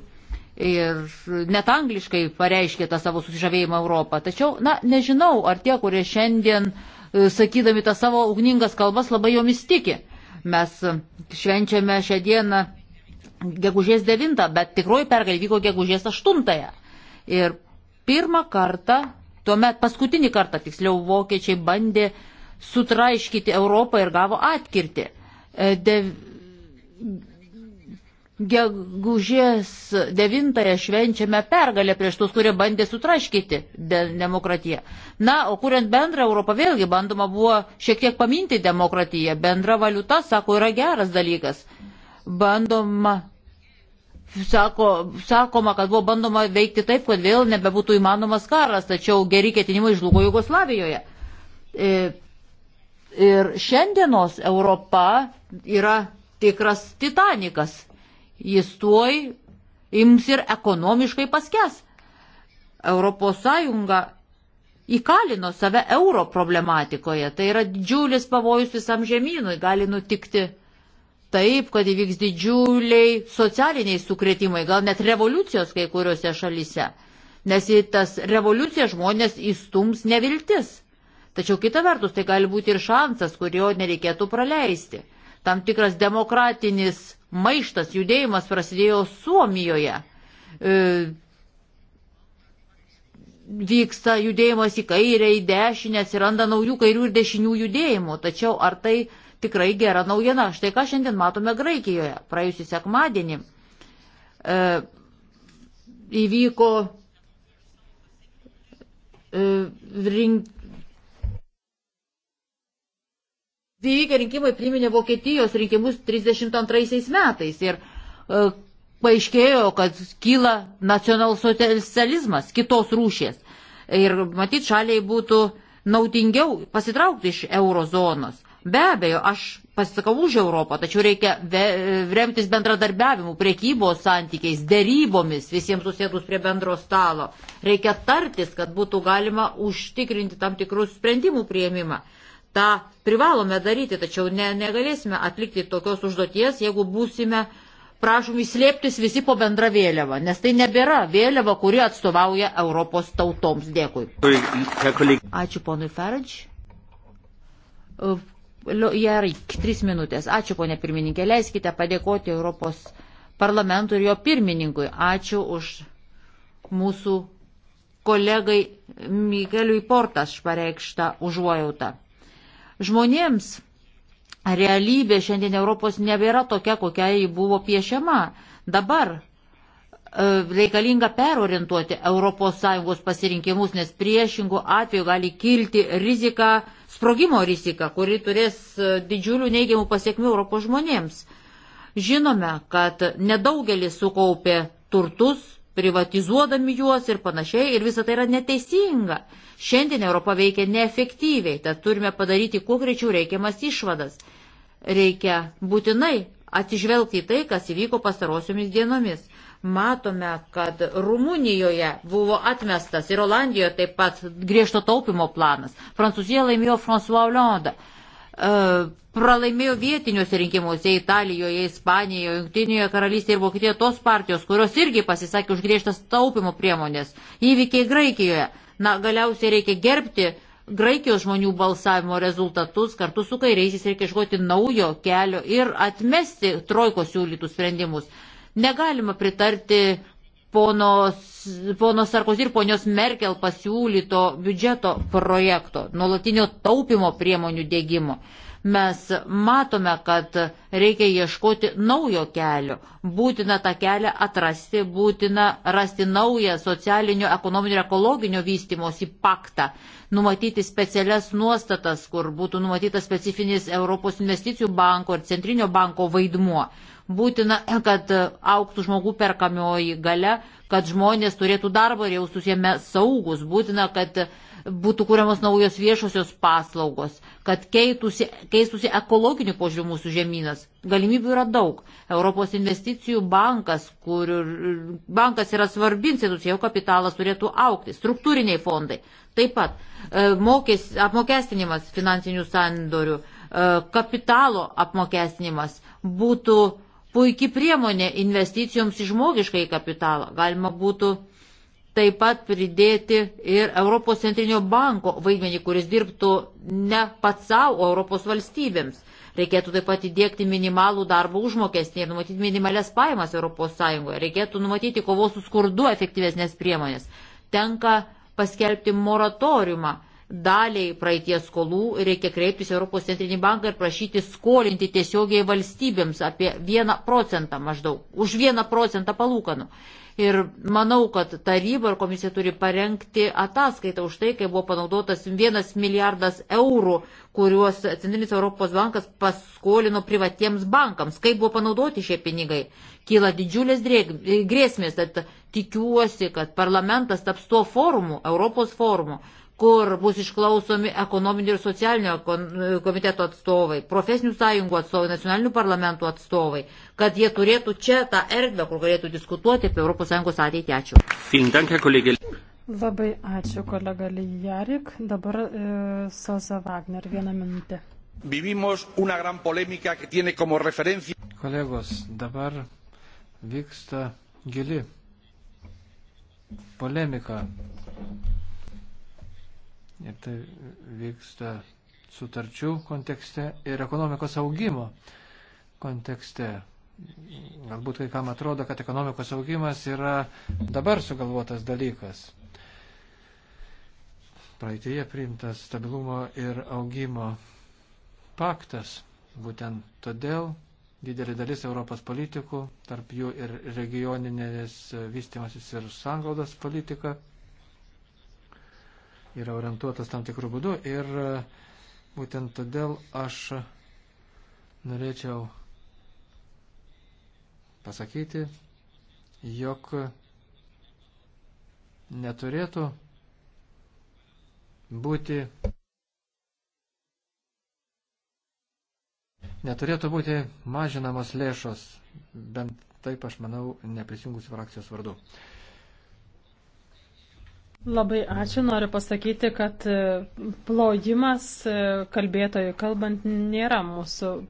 Ir net angliškai pareiškė tą savo susižavėjimą Europą. Tačiau, na, nežinau, ar tie, kurie šiandien, e, sakydami tą savo ugningas kalbas, labai jomis tiki. Mes e, švenčiame šią dieną gegužės 9, bet tikroji pergalė vyko gegužės 8. Ir pirmą kartą, tuomet paskutinį kartą, tiksliau, vokiečiai bandė sutraiškyti Europą ir gavo atkirti. E, De, Gegužės 9-ąją švenčiame pergalę prieš tuos, kurie bandė sutraškyti demokratiją. Na, o kuriant bendrą Europą, vėlgi bandoma buvo šiek tiek paminti demokratiją. Bendra valiuta, sako, yra geras dalykas. Bandoma Sako, sakoma, kad buvo bandoma veikti taip, kad vėl nebebūtų įmanomas karas, tačiau geri ketinimai žlugo Jugoslavijoje. E, ir šiandienos Europa yra tikras titanikas jis tuoj ims ir ekonomiškai paskes. Europos Sąjunga įkalino save euro problematikoje. Tai yra didžiulis pavojus visam žemynui. Gali nutikti taip, kad įvyks didžiuliai socialiniai sukretimai, gal net revoliucijos kai kuriuose šalyse. Nes į tas revoliucijas žmonės įstums neviltis. Tačiau kita vertus tai gali būti ir šansas, kurio nereikėtų praleisti. Tam tikras demokratinis maištas, judėjimas prasidėjo Suomijoje. E, vyksta judėjimas į kairę, į dešinę, atsiranda naujų kairių ir dešinių judėjimų. Tačiau ar tai tikrai gera naujiena? Štai ką šiandien matome Graikijoje. Praėjusį sekmadienį e, įvyko e, rink, Vykę rinkimai priminė Vokietijos rinkimus 32 metais ir e, paaiškėjo, kad kyla nacionalsocializmas kitos rūšies. Ir matyt, šaliai būtų naudingiau pasitraukti iš eurozonos. Be abejo, aš pasisakau už Europą, tačiau reikia remtis bendradarbiavimu, priekybos santykiais, dėrybomis, visiems susėdus prie bendro stalo. Reikia tartis, kad būtų galima užtikrinti tam tikrus sprendimų prieimimą tą privalome daryti, tačiau ne, negalėsime atlikti tokios užduoties, jeigu būsime prašomi slėptis visi po bendra vėliava, nes tai nebėra vėliava, kuri atstovauja Europos tautoms. Dėkui. Ačiū ponui Faradž. Jarik, trys minutės. Ačiū ponė pirmininkė. Leiskite padėkoti Europos parlamentui ir jo pirmininkui. Ačiū už mūsų kolegai Migeliui Portas pareikštą užuojautą. Žmonėms realybė šiandien Europos nebėra tokia, kokia ji buvo piešiama. Dabar e, reikalinga perorientuoti ES pasirinkimus, nes priešingų atveju gali kilti rizika, sprogimo rizika, kuri turės e, didžiulių neigiamų pasiekmių Europos žmonėms. Žinome, kad nedaugelis sukaupė turtus, privatizuodami juos ir panašiai, ir visa tai yra neteisinga. Šiandien Europa veikia neefektyviai, tad turime padaryti kuo greičiau reikiamas išvadas. Reikia būtinai atsižvelgti į tai, kas įvyko pastarosiomis dienomis. Matome, kad Rumunijoje buvo atmestas ir Olandijoje taip pat griežto taupimo planas. Prancūzija laimėjo François Hollande E, pralaimėjo vietiniuose rinkimuose Italijoje, Ispanijoje, Junktinėje karalystėje ir Vokietijoje tos partijos, kurios irgi pasisakė už griežtas taupimo priemonės. Įvykiai Graikijoje. Na, galiausiai reikia gerbti Graikijos žmonių balsavimo rezultatus, kartu su kairiaisiais reikia išgoti naujo kelio ir atmesti trojko siūlytų sprendimus. Negalima pritarti ponos, ponos Sarkozy ir ponios Merkel pasiūlyto biudžeto projekto, nuolatinio taupimo priemonių dėgymo. Mes matome, kad reikia ieškoti naujo kelio. Būtina tą kelią atrasti, būtina rasti naują socialinio, ekonominio ir ekologinio vystimosi paktą, numatyti specialias nuostatas, kur būtų numatytas specifinis Europos investicijų banko ir Centrinio banko vaidmuo Būtina, kad auktų žmogų perkamioji gale, kad žmonės turėtų darbą ir jaustus jame saugus. Būtina, kad būtų kuriamos naujos viešosios paslaugos, kad keitusi, keistusi ekologinių požiūrių mūsų žemynas. Galimybių yra daug. Europos investicijų bankas, kur bankas yra svarbi institucija, jau kapitalas turėtų aukti. Struktūriniai fondai. Taip pat e, mokės, apmokestinimas finansinių sandorių, e, kapitalo apmokestinimas būtų puikiai priemonė investicijoms į žmogiškai kapitalą. Galima būtų taip pat pridėti ir Europos centrinio banko vaidmenį, kuris dirbtų ne pats savo, o Europos valstybėms. Reikėtų taip pat įdėkti minimalų darbo užmokestį ir numatyti minimalias pajamas ES. Reikėtų numatyti kovos su skurdu efektyvesnės priemonės. Tenka paskelbti moratoriumą daliai praeities skolų reikia kreiptis Europos centrinį banką ir prašyti skolinti tiesiogiai valstybėms apie 1 procentą maždaug, už 1 procentą palūkanų. Ir manau, kad taryba ir komisija turi parengti ataskaitą už tai, kai buvo panaudotas 1 milijardas eurų, kuriuos Centrinis Europos bankas paskolino privatiems bankams. Kaip buvo panaudoti šie pinigai? Kyla didžiulės grėsmės, tad tikiuosi, kad parlamentas taps tuo forumu, Europos forumu kur bus išklausomi ekonominio ir socialinio komiteto atstovai, profesinių sąjungų atstovai, nacionalinių parlamentų atstovai, kad jie turėtų čia tą erdvę, kur galėtų diskutuoti apie ES ateitį. Ačiū. Labai ačiū, kolega Lijarik. Dabar e, Sosa Wagner, vieną minutę. Kolegos, dabar vyksta gili polemika Ir tai vyksta sutarčių kontekste ir ekonomikos augimo kontekste. Galbūt kai kam atrodo, kad ekonomikos augimas yra dabar sugalvotas dalykas. Praeitėje priimtas stabilumo ir augimo paktas. Būtent todėl didelė dalis Europos politikų, tarp jų ir regioninės vystimasis ir sanglaudos politika, yra orientuotas tam tikrų būdų ir e, būtent todėl aš norėčiau pasakyti, jog neturėtų būti neturėtų būti mažinamos lėšos, bent taip aš manau neprisijungus frakcijos vardu. Labai ačiū, noriu pasakyti, kad plojimas kalbėtojų kalbant nėra mūsų